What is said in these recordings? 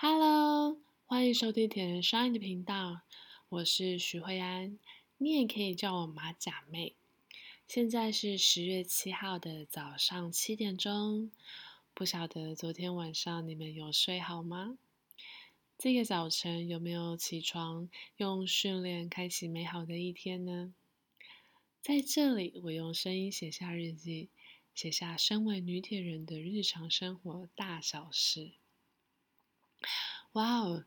Hello，歡迎收聽鐵人 Shine 的頻道，我是徐慧安，你也可以叫我馬甲妹。現在是十月七號的早上七點鐘，不曉得昨天晚上你們有睡好嗎？這個早晨有沒有起床用訓練開啟美好的一天呢？在這裡，我用聲音寫下日記，寫下身為女鐵人的日常生活大小事。哇哦，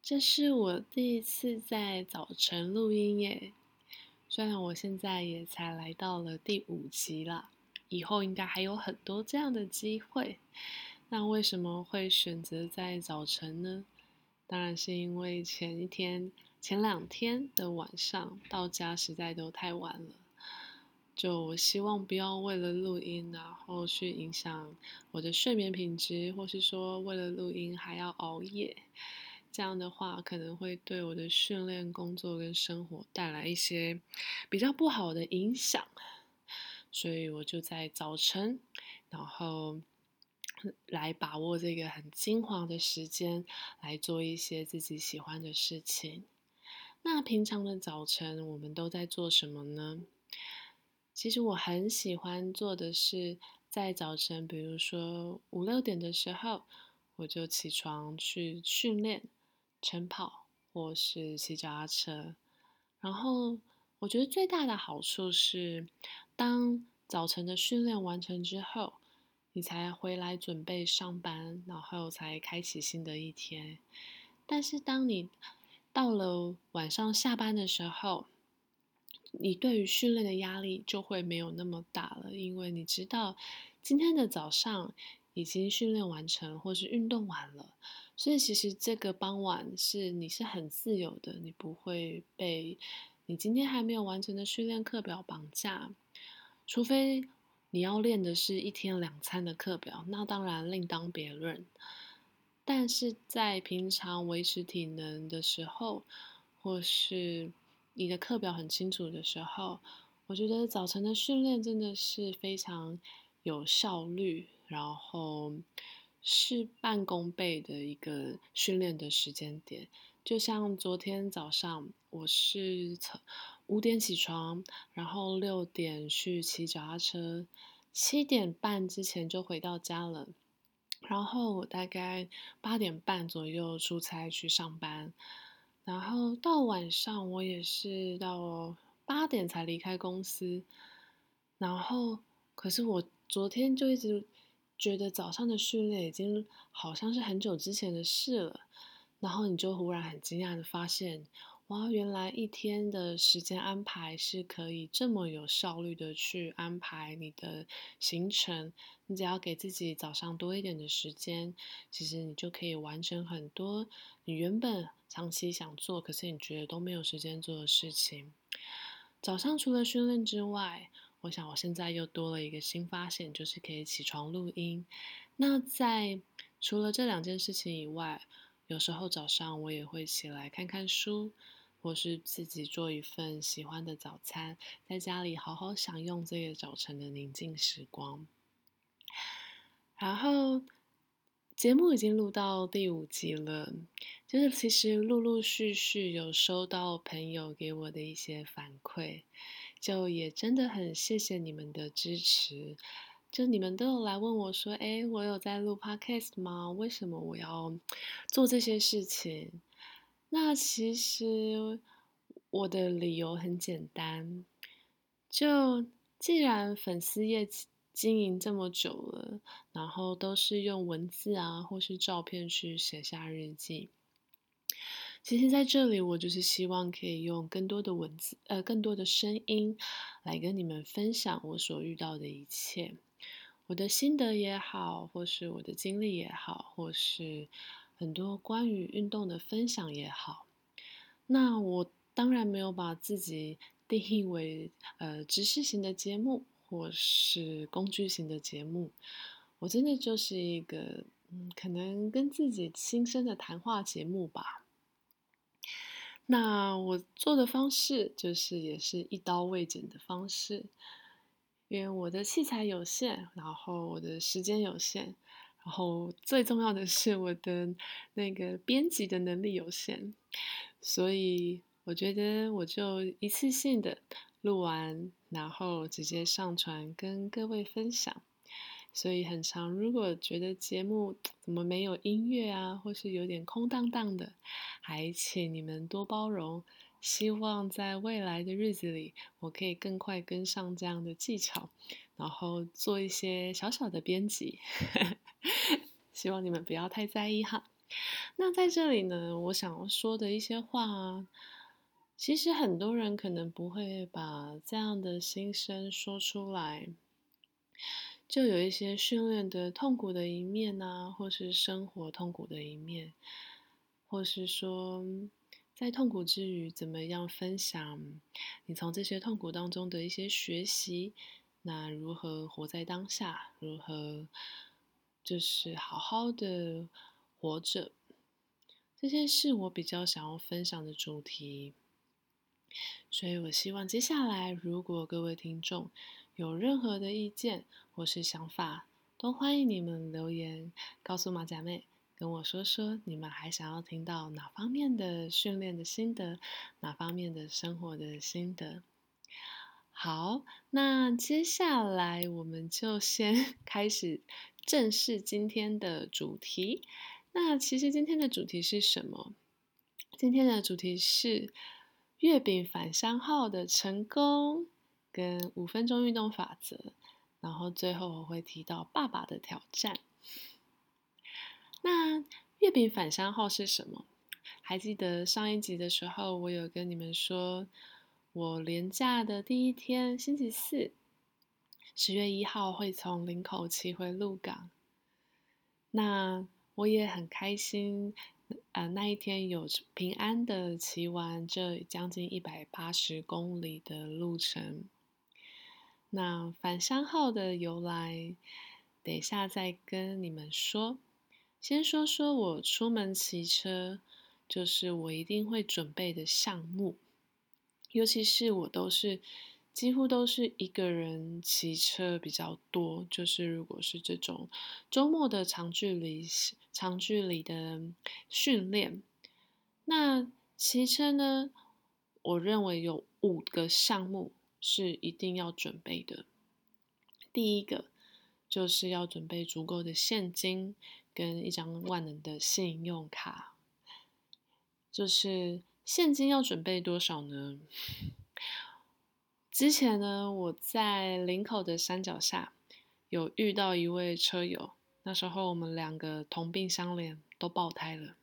這是我第一次在早晨錄音耶！雖然我現在也才來到了第五集啦，以後應該還有很多這樣的機會。那為什麼會選擇在早晨呢？當然是因為前一天、前兩天的晚上到家實在都太晚了。就，我希望不要為了錄音，然後去影響我的睡眠品質，或是說為了錄音還要熬夜，這樣的話可能會對我的訓練、工作跟生活帶來一些比較不好的影響。所以我就在早晨，然後來把握這個很精華的時間，來做一些自己喜歡的事情。那平常的早晨我們都在做什麼呢？其實我很喜歡做的是，在早晨，比如說五六點的時候，我就起床去訓練，晨跑或是騎腳踏車。然後，我覺得最大的好處是，當早晨的訓練完成之後，你才回來準備上班，然後才開啟新的一天。但是，當你到了晚上下班的時候，你對於訓練的壓力就會沒有那麼大了，因為你知道今天的早上已經訓練完成或是運動完了，所以其實這個傍晚是你是很自由的，你不會被你今天還沒有完成的訓練課表綁架，除非你要練的是一天兩餐的課表，那當然另當別論。但是在平常維持體能的時候，或是，你的課表很清楚的時候，我覺得早晨的訓練真的是非常有效率，然後事半功倍的一個訓練的時間點。就像昨天早上，我是五點起床，然後六點去騎腳踏車，七點半之前就回到家了，然後我大概八點半左右出差去上班。然後到晚上，我也是到八點才離開公司。然後，可是我昨天就一直覺得早上的訓練已經好像是很久之前的事了。然後你就忽然很驚訝的發現。哇，原來一天的時間安排是可以這麼有效率的去安排你的行程。你只要給自己早上多一點的時間，其實你就可以完成很多你原本長期想做，可是你覺得都沒有時間做的事情。早上除了訓練之外，我想我現在又多了一個新發現，就是可以起床錄音。那在除了這兩件事情以外，有時候早上我也會起來看看書。或是自己做一份喜歡的早餐，在家裡好好享用這個早晨的寧靜時光。然後，節目已經錄到第五集了，就是其實陸陸續續有收到朋友給我的一些反饋，就也真的很謝謝你們的支持。就你們都有來問我說：“誒、哎，我有在錄 podcast 嗎？為什麼我要做這些事情？”那其實我的理由很簡單，就既然粉絲頁經營這麼久了，然後都是用文字啊或是照片去寫下日記，其實在這裡我就是希望可以用更多的文字呃更多的聲音來跟你們分享我所遇到的一切，我的心得也好，或是我的經歷也好，或是。很多關於運動的分享也好，那我當然沒有把自己定義為呃知識型的節目或是工具型的節目，我真的就是一個嗯，可能跟自己親身的談話節目吧。那我做的方式就是也是一刀未剪的方式，因為我的器材有限，然後我的時間有限。然後最重要的是，我的那個編輯的能力有限，所以我覺得我就一次性的錄完，然後直接上傳跟各位分享。所以很長，如果覺得節目怎麼沒有音樂啊，或是有點空蕩蕩的，還請你們多包容。希望在未來的日子裡，我可以更快跟上這樣的技巧，然後做一些小小的編輯。希望你們不要太在意哈。那在這裡呢，我想要說的一些話，其實很多人可能不會把這樣的心聲說出來，就有一些訓練的痛苦的一面啊，或是生活痛苦的一面，或是說在痛苦之餘怎麼樣分享你從這些痛苦當中的一些學習。那如何活在當下？如何？就是好好的活着，這些是我比較想要分享的主題，所以我希望接下來，如果各位聽眾有任何的意見或是想法，都歡迎你們留言告訴馬甲妹，跟我說說你們還想要聽到哪方面的訓練的心得，哪方面的生活的心得。好，那接下來我們就先開始。正是今天的主題。那其實今天的主題是什麼？今天的主題是月餅返鄉號的成功跟五分鐘運動法則。然後最後我會提到爸爸的挑戰。那月餅返鄉號是什麼？還記得上一集的時候，我有跟你們說，我連假的第一天，星期四。十月一號會從林口騎回鹿港，那我也很開心。呃，那一天有平安的騎完這將近一百八十公里的路程。那返鄉號的由來，等一下再跟你們說。先說說我出門騎車，就是我一定會準備的項目，尤其是我都是。幾乎都是一個人騎車比較多，就是如果是這種周末的長距離、長距離的訓練，那騎車呢，我認為有五個項目是一定要準備的。第一個就是要準備足夠的現金跟一張萬能的信用卡。就是現金要準備多少呢？之前呢，我在林口的山腳下有遇到一位車友，那時候我們兩個同病相憐，都爆胎了。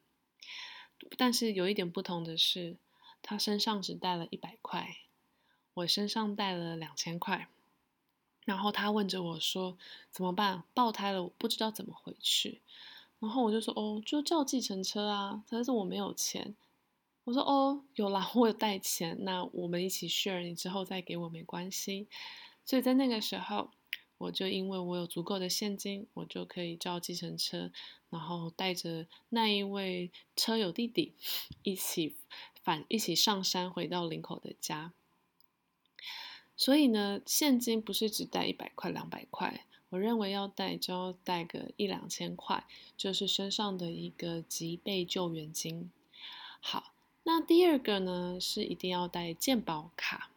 但是有一點不同的是，他身上只帶了一百塊，我身上帶了兩千塊。然後他問着我說：“怎麼辦？爆胎了，我不知道怎麼回去。”然後我就說：“哦，就叫計程車啊。”他說：“我沒有錢。”我說哦，有啦，我有帶錢，那我們一起 share，你之後再給我沒關係。所以在那個時候，我就因為我有足夠的現金，我就可以叫計程車，然後帶着那一位車友弟弟一起返，一起上山回到林口的家。所以呢，現金不是只帶一百塊、兩百塊，我認為要帶就要帶個一兩千塊，就是身上的一個急備救援金。好。那第二個呢，是一定要帶健保卡。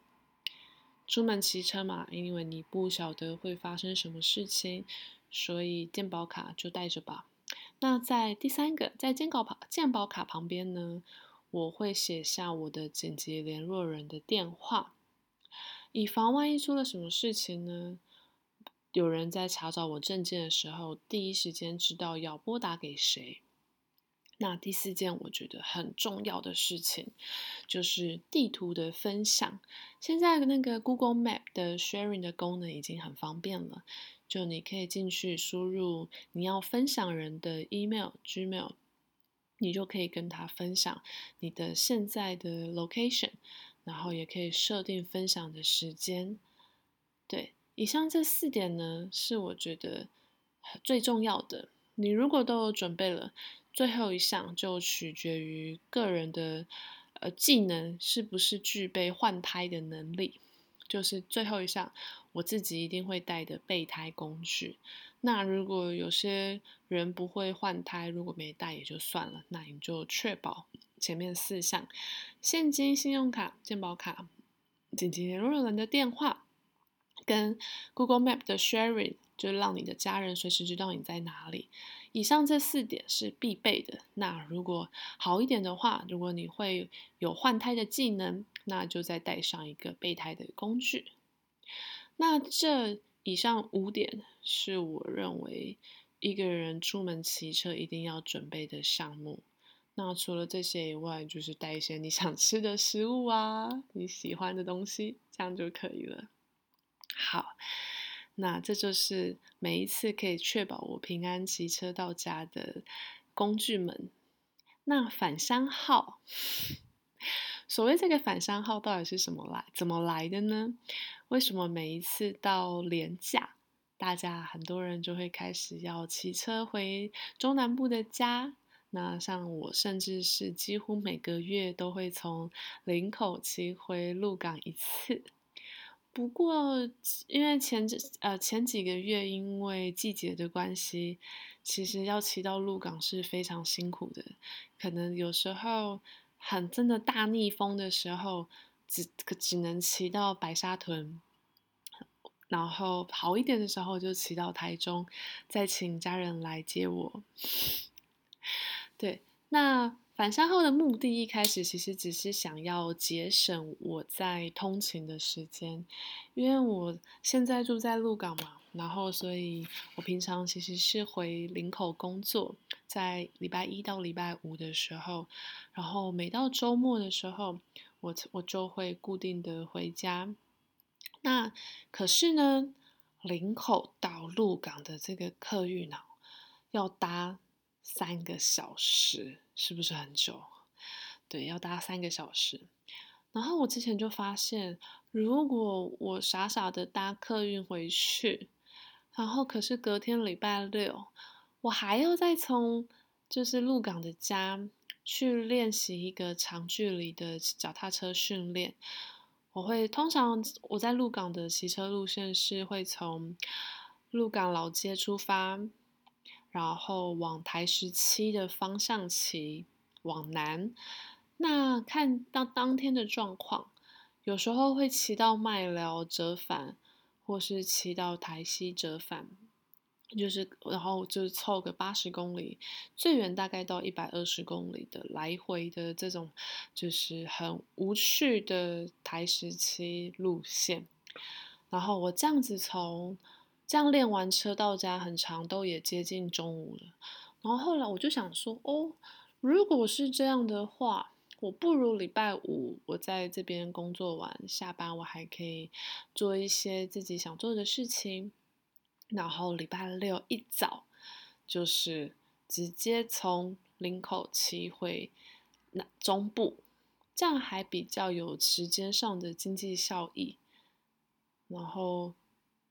出門騎車嘛，因為你不曉得會發生什麼事情，所以健保卡就帶着吧。那在第三個，在健保旁健保卡旁邊呢，我會寫下我的緊急聯絡人的電話，以防萬一出了什麼事情呢，有人在查找我證件的時候，第一時間知道要撥打給誰。那第四件我覺得很重要的事情，就是地圖的分享。現在的那個 Google Map 的 sharing 的功能已經很方便了，就你可以進去輸入你要分享人的 email、Gmail，你就可以跟他分享你的現在的 location，然後也可以設定分享的時間。對，以上這四點呢，是我覺得最重要的。你如果都有準備了。最後一項就取決於個人的，呃，技能是不是具備換胎的能力，就是最後一項，我自己一定會帶的備胎工具。那如果有些人不會換胎，如果沒帶也就算了，那你就確保前面四項：現金、信用卡、健保卡、緊急聯絡人的電話，跟 Google Map 的 sharing，就讓你的家人隨時知道你在哪裡。以上這四點是必備的。那如果好一點的話，如果你會有換胎的技能，那就再帶上一個備胎的工具。那這以上五點是我認為一個人出門騎車一定要準備的項目。那除了這些以外，就是帶一些你想吃的食物啊，你喜歡的東西，這樣就可以了。好。那這就是每一次可以確保我平安騎車到家的工具們。那返鄉號，所謂這個返鄉號到底是什麼來？怎麼來的呢？為什麼每一次到連假，大家很多人就會開始要騎車回中南部的家？那像我，甚至是幾乎每個月都會從林口騎回鹿港一次。不過，因為前幾呃前幾個月，因為季節的關係，其實要騎到鹿港是非常辛苦的。可能有時候很真的大逆風的時候，只只能騎到白沙屯，然後好一點的時候就騎到台中，再請家人來接我。對，那。返鄉號的目的，一開始其實只是想要節省我在通勤的時間，因為我現在住在鹿港嘛，然後所以我平常其實是回林口工作，在禮拜一到禮拜五的時候，然後每到週末的時候，我我就會固定的回家。那可是呢，林口到鹿港的這個客運呢，要搭。三個小時是不是很久？對，要搭三個小時。然後我之前就發現，如果我傻傻的搭客運回去，然後可是隔天禮拜六，我還要再從就是鹿港的家去練習一個長距離的腳踏車訓練。我會通常我在鹿港的騎車路線是會從鹿港老街出發。然後往台十七的方向騎，往南。那看到當天的狀況，有時候會騎到麥寮折返，或是騎到台西折返，就是然後就湊個八十公里，最遠大概到一百二十公里的來回的這種，就是很無趣的台十七路線。然後我這樣子從。這樣練完車到家很長，都也接近中午了。然後後來我就想說，哦，如果是這樣的話，我不如禮拜五我在這邊工作完下班，我還可以做一些自己想做的事情。然後禮拜六一早，就是直接從林口騎回那中部，這樣還比較有時間上的經濟效益。然後。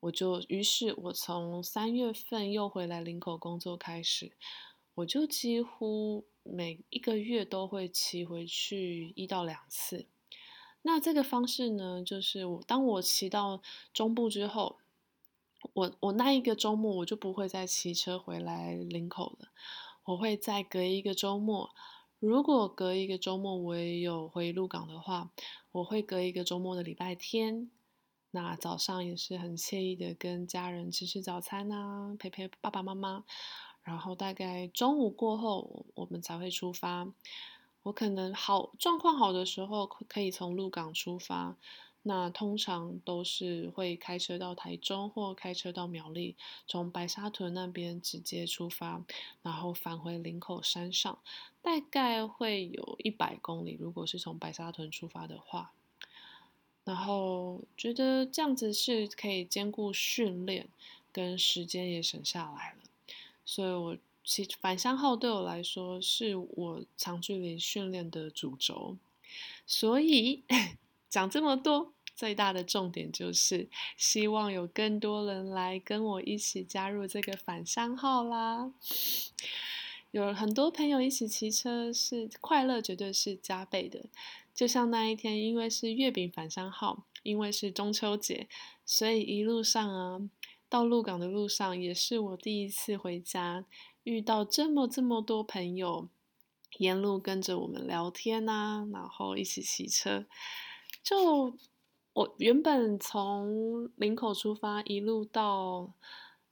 我就，於是我從三月份又回來林口工作開始，我就幾乎每一個月都會騎回去一到兩次。那這個方式呢，就是我當我騎到中部之後，我我那一個周末我就不會再騎車回來林口了，我會再隔一個周末，如果隔一個周末我也有回鹿港的話，我會隔一個周末的禮拜天。那早上也是很愜意的，跟家人吃吃早餐啊，陪陪爸爸媽媽。然後大概中午過後，我們才會出發。我可能好，狀況好的時候，可以從鹿港出發。那通常都是會開車到台中，或開車到苗栗，從白沙屯那邊直接出發，然後返回林口山上，大概會有一百公里。如果是從白沙屯出發的話。然後覺得這樣子是可以兼顧訓練，跟時間也省下來了，所以我其實返鄉號對我來說是我長距離訓練的主軸。所以 講這麼多，最大的重點就是希望有更多人來跟我一起加入這個返鄉號啦。有很多朋友一起騎車，是快樂絕對是加倍的。就像那一天，因為是月餅返鄉號，因為是中秋節，所以一路上啊，到鹿港的路上也是我第一次回家，遇到這麼這麼多朋友，沿路跟着我們聊天吶、啊，然後一起騎車。就我原本從林口出發，一路到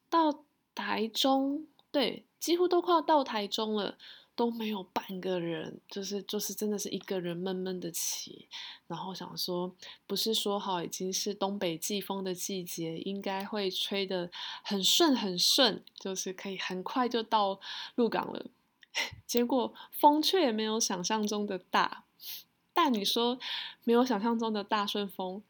到台中，對，幾乎都快要到台中了。都沒有半個人，就是就是真的是一個人悶悶的騎，然後想說，不是說好已經是東北季風的季節，應該會吹得很順很順，就是可以很快就到鹿港了，結果風卻也沒有想象中的大，但你說沒有想象中的大順風，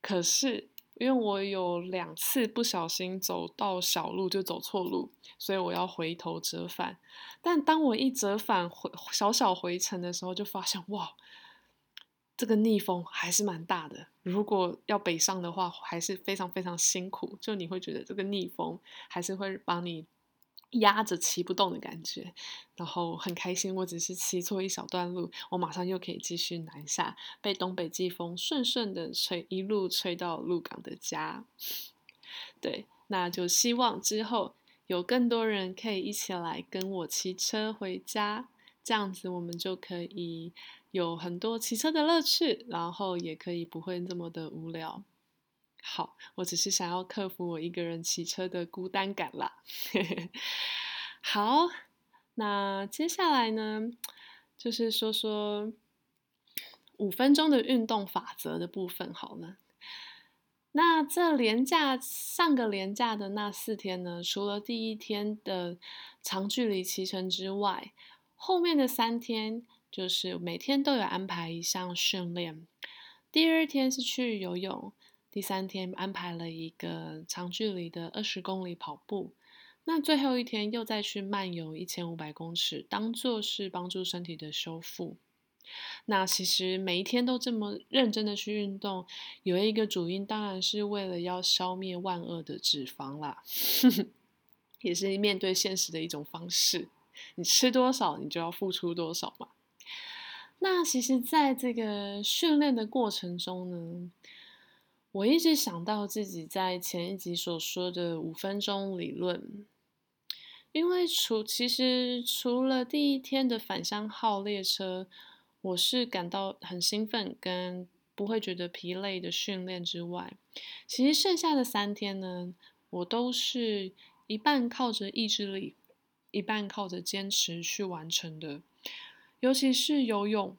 可是。因為我有兩次不小心走到小路就走錯路，所以我要回頭折返。但當我一折返回小小回程的時候，就發現哇，這個逆風還是蠻大的。如果要北上的話，還是非常非常辛苦。就你會覺得這個逆風還是會幫你。壓着騎不動的感覺，然後很開心。我只是騎錯一小段路，我馬上又可以繼續南下，被東北季風順順的吹，一路吹到鹿港的家。對，那就希望之後有更多人可以一起來跟我騎車回家，這樣子我們就可以有很多騎車的樂趣，然後也可以不會這麼的無聊。好，我只是想要克服我一個人騎車的孤單感啦。 好，那接下來呢，就是說說五分鐘的運動法則的部分，好了。那這連假，上個連假的那四天呢，除了第一天的長距離騎乘之外，後面的三天就是每天都有安排一項訓練。第二天是去游泳。第三天安排了一個長距離的二十公里跑步，那最後一天又再去慢游一千五百公尺，當作是幫助身體的修復。那其實每一天都這麼認真的去運動，有一個主因當然是為了要消滅萬惡的脂肪啦， 也是面對現實的一種方式。你吃多少，你就要付出多少嘛。那其實，在這個訓練的過程中呢，我一直想到自己在前一集所說的五分鐘理論，因為除其實除了第一天的返鄉號列車，我是感到很興奮跟不會覺得疲累的訓練之外，其實剩下的三天呢，我都是一半靠着意志力，一半靠着堅持去完成的。尤其是游泳，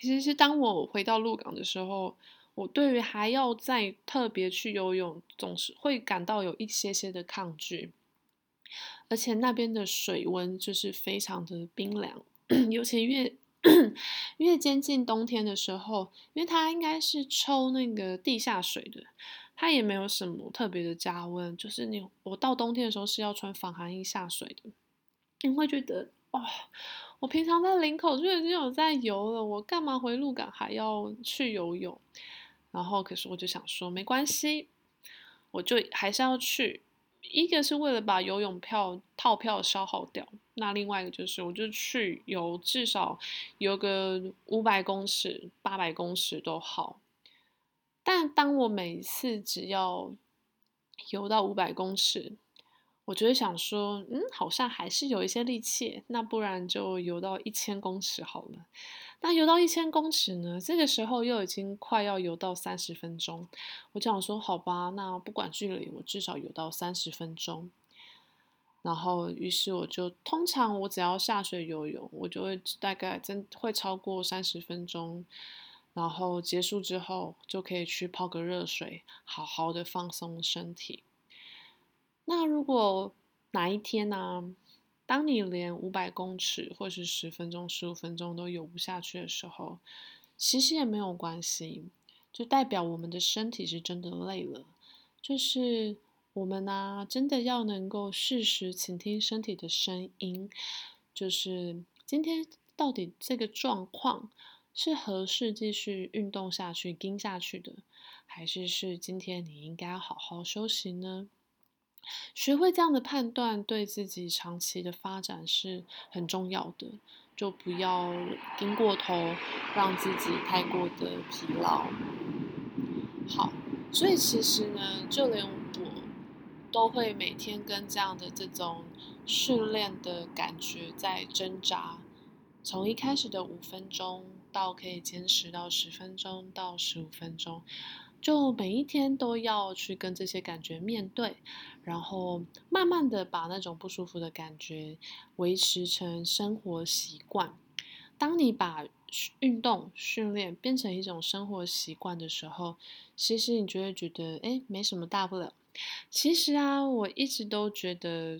其實是當我回到鹿港的時候。我對於還要再特別去游泳，總是會感到有一些些的抗拒，而且那邊的水溫就是非常的冰涼，尤其 越 越接近冬天的時候，因為它應該是抽那個地下水的，它也沒有什麼特別的加溫，就是你我到冬天的時候是要穿防寒衣下水的，你會覺得哦，我平常在林口就已經有在游了，我幹嘛回鹿港還要去游泳？然後，可是我就想說，沒關係，我就還是要去。一個是為了把游泳票套票消耗掉，那另外一個就是，我就去游至少游個五百公尺、八百公尺都好。但當我每次只要游到五百公尺，我就會想說，嗯，好像還是有一些力氣，那不然就游到一千公尺好了。那游到一千公尺呢？這個時候又已經快要游到三十分鐘，我想說，好吧，那不管距離，我至少游到三十分鐘。然後，於是我就，通常我只要下水游泳，我就會大概真會超過三十分鐘。然後結束之後，就可以去泡個熱水，好好的放鬆身體。那如果哪一天呢、啊？當你連五百公尺或是十分鐘、十五分鐘都游不下去的時候，其實也沒有關係，就代表我們的身體是真的累了。就是我們呢、啊，真的要能夠適時傾聽身體的聲音，就是今天到底這個狀況是合適繼續運動下去、撐下去的，還是是今天你應該好好休息呢？學會這樣的判斷，對自己長期的發展是很重要的。就不要盯過頭，讓自己太過的疲勞。好，所以其實呢，就連我都會每天跟這樣的這種訓練的感覺在掙扎。從一開始的五分鐘，到可以堅持到十分鐘，到十五分鐘。就每一天都要去跟這些感覺面對，然後慢慢的把那種不舒服的感覺維持成生活習慣。當你把運動訓練變成一種生活習慣的時候，其實你就會覺得，哎、欸，沒什麼大不了。其實啊，我一直都覺得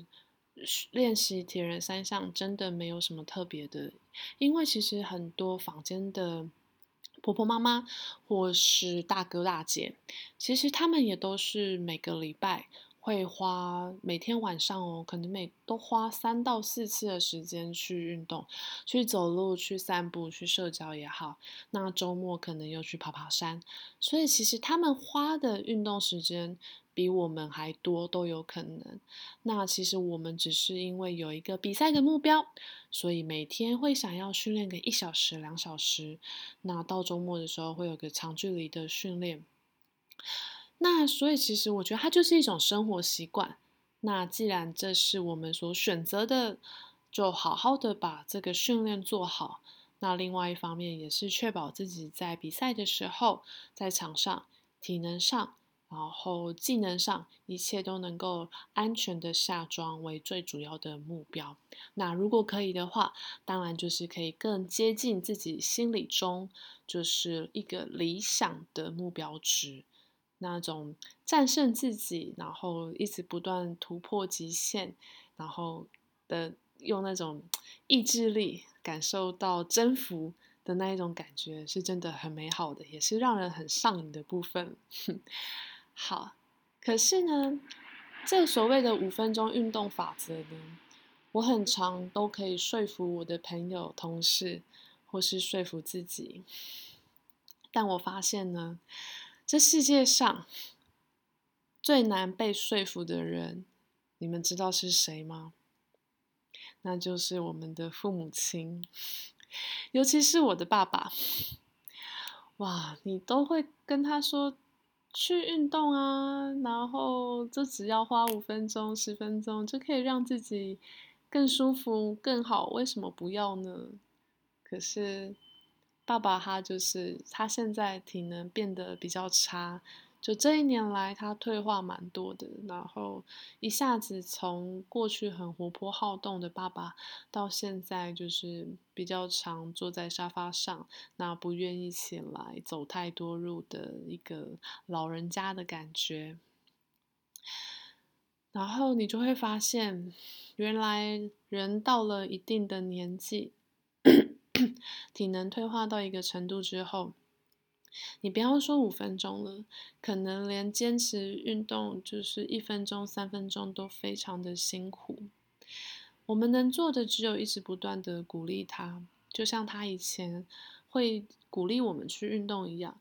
練習鐵人三項真的沒有什麼特別的，因為其實很多坊間的。婆婆、媽媽，或是大哥、大姐，其實他們也都是每個禮拜。會花每天晚上哦，可能每都花三到四次的時間去運動，去走路、去散步、去社交也好。那周末可能又去爬爬山，所以其實他們花的運動時間比我們還多都有可能。那其實我們只是因為有一個比賽的目標，所以每天會想要訓練個一小時、兩小時。那到周末的時候會有個長距離的訓練。那所以，其實我覺得它就是一種生活習慣。那既然這是我們所選擇的，就好好的把這個訓練做好。那另外一方面，也是確保自己在比賽的時候，在場上、體能上，然後技能上，一切都能夠安全的下莊為最主要的目標。那如果可以的話，當然就是可以更接近自己心裡中就是一個理想的目標值。那種戰勝自己，然後一直不斷突破極限，然後的用那種意志力感受到征服的那一種感覺，是真的很美好的，也是讓人很上癮的部分。 好，可是呢，正所謂的五分鐘運動法則呢，我很常都可以說服我的朋友、同事，或是說服自己，但我發現呢。這世界上最難被說服的人，你們知道是誰嗎？那就是我們的父母親，尤其是我的爸爸。哇，你都會跟他說去運動啊，然後就只要花五分鐘、十分鐘就可以讓自己更舒服、更好，為什麼不要呢？可是。爸爸他就是，他現在體能變得比較差，就這一年來，他退化蠻多的。然後一下子從過去很活潑好動的爸爸，到現在就是比較常坐在沙發上，那不願意起來走太多路的一個老人家的感覺。然後你就會發現，原來人到了一定的年紀。體能退化到一個程度之後，你不要說五分鐘了，可能連堅持運動就是一分鐘、三分鐘都非常的辛苦。我們能做的只有一直不斷的鼓勵他，就像他以前會鼓勵我們去運動一樣。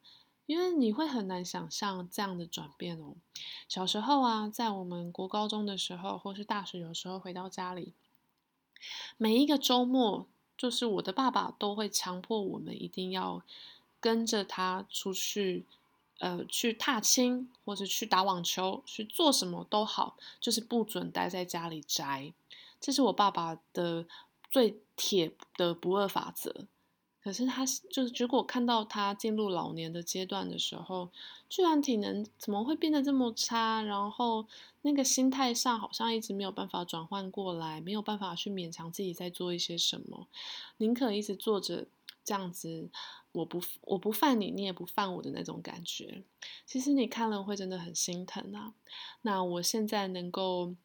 因為你會很難想象這樣的轉變哦。小時候啊，在我們國高中的時候，或是大學有時候回到家裡，每一個周末。就是我的爸爸都會強迫我們一定要跟着他出去，呃，去踏青或者去打網球，去做什麼都好，就是不准待在家裡宅。這是我爸爸的最鐵的不二法則。可是他就是，結果看到他進入老年的階段的時候，居然體能怎麼會變得這麼差？然後那個心態上好像一直沒有辦法轉換過來，沒有辦法去勉強自己再做一些什麼，寧可一直坐着這樣子，我不我不犯你，你也不犯我的那種感覺。其實你看了會真的很心疼啊。那我現在能夠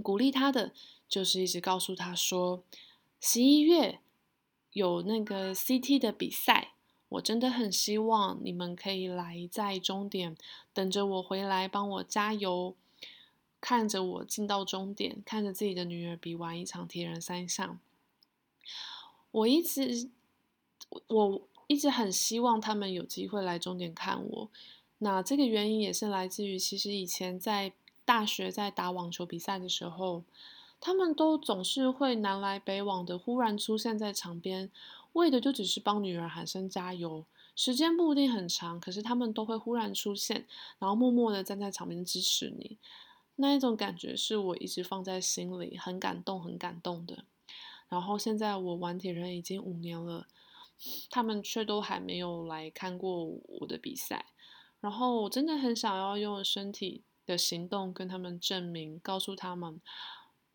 鼓勵他的，就是一直告訴他說，十一月。有那個 CT 的比賽，我真的很希望你們可以來在終點等着我回來幫我加油，看着我進到終點，看着自己的女兒比完一場鐵人三項。我一直我一直很希望他們有機會來終點看我。那這個原因也是來自於，其實以前在大學在打網球比賽的時候。他們都總是會南來北往的，忽然出現在場邊，為的就只是幫女兒喊聲加油。時間不一定很長，可是他們都會忽然出現，然後默默的站在場邊支持你。那一種感覺是我一直放在心裡，很感動，很感動的。然後現在我玩鐵人已經五年了，他們却都還沒有來看過我的比賽。然後我真的很想要用身體的行動跟他們證明，告訴他們，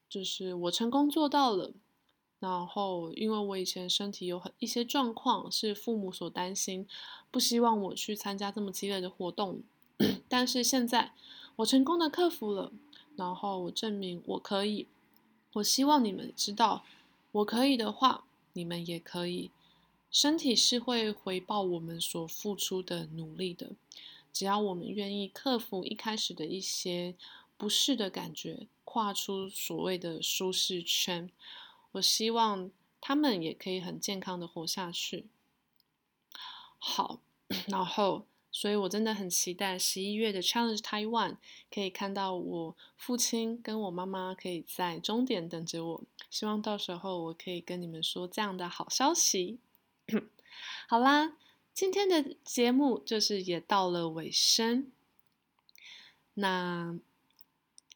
就是我成功做到了，然後因為我以前身體有很一些狀況，是父母所擔心，不希望我去參加這麼激烈的活動，但是現在我成功的克服了，然後我證明我可以，我希望你們知道，我可以的話，你們也可以，身體是會回報我們所付出的努力的，只要我們願意克服一開始的一些。不適的感覺，跨出所謂的舒適圈。我希望他們也可以很健康的活下去。好，然後，所以我真的很期待十一月的 Challenge Taiwan，可以看到我父親跟我媽媽可以在終點等着我。希望到時候我可以跟你們說這樣的好消息。 好啦，今天的節目就是也到了尾聲。那。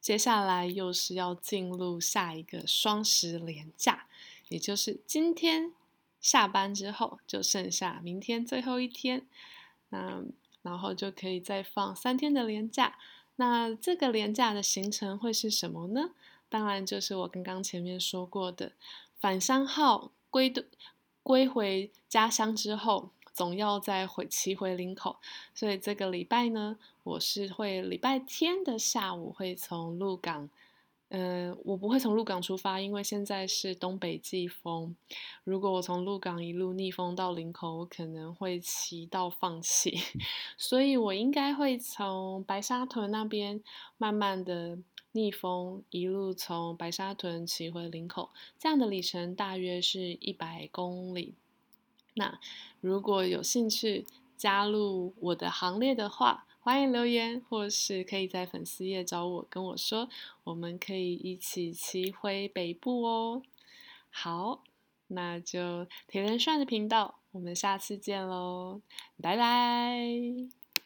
接下來又是要進入下一個雙十連假，也就是今天下班之後就剩下明天最後一天，那然後就可以再放三天的連假。那這個連假的行程會是什麼呢？當然就是我剛剛前面說過的，返鄉號歸，歸回家鄉之後。總要再回騎回林口，所以這個禮拜呢，我是會禮拜天的下午會從鹿港，嗯、呃，我不會從鹿港出發，因為現在是東北季風，如果我從鹿港一路逆風到林口，我可能會騎到放棄，所以我應該會從白沙屯那邊慢慢的逆風一路從白沙屯騎回林口，這樣的里程大約是一百公里。那如果有興趣加入我的行列的話，歡迎留言，或是可以在粉絲頁找我跟我說，我們可以一起騎回北部哦。好，那就鐵人 Shine 的頻道，我們下次見嘍，拜拜。